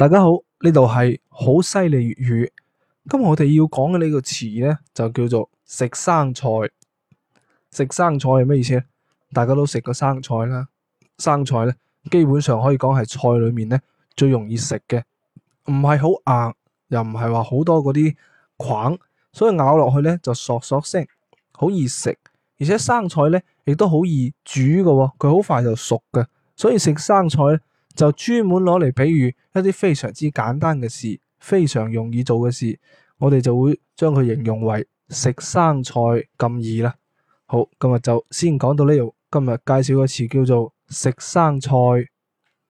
大家好，呢度係好犀利粵語。今日我哋要講嘅呢個詞呢，就叫做食生菜。食生菜係咩意思呢？大家都食過生菜啦，生菜呢，基本上可以講係菜裏面呢最容易食嘅，唔係好硬，又唔係話好多嗰啲梗，所以咬落去呢就索索聲，好易食。而且生菜呢，亦都好易煮噶喎，佢好快就熟噶，所以食生菜。就專門攞嚟比喻一啲非常之簡單嘅事，非常容易做嘅事，我哋就會將佢形容為食生菜咁易啦。好，今日就先講到呢度。今日介紹個詞叫做食生菜。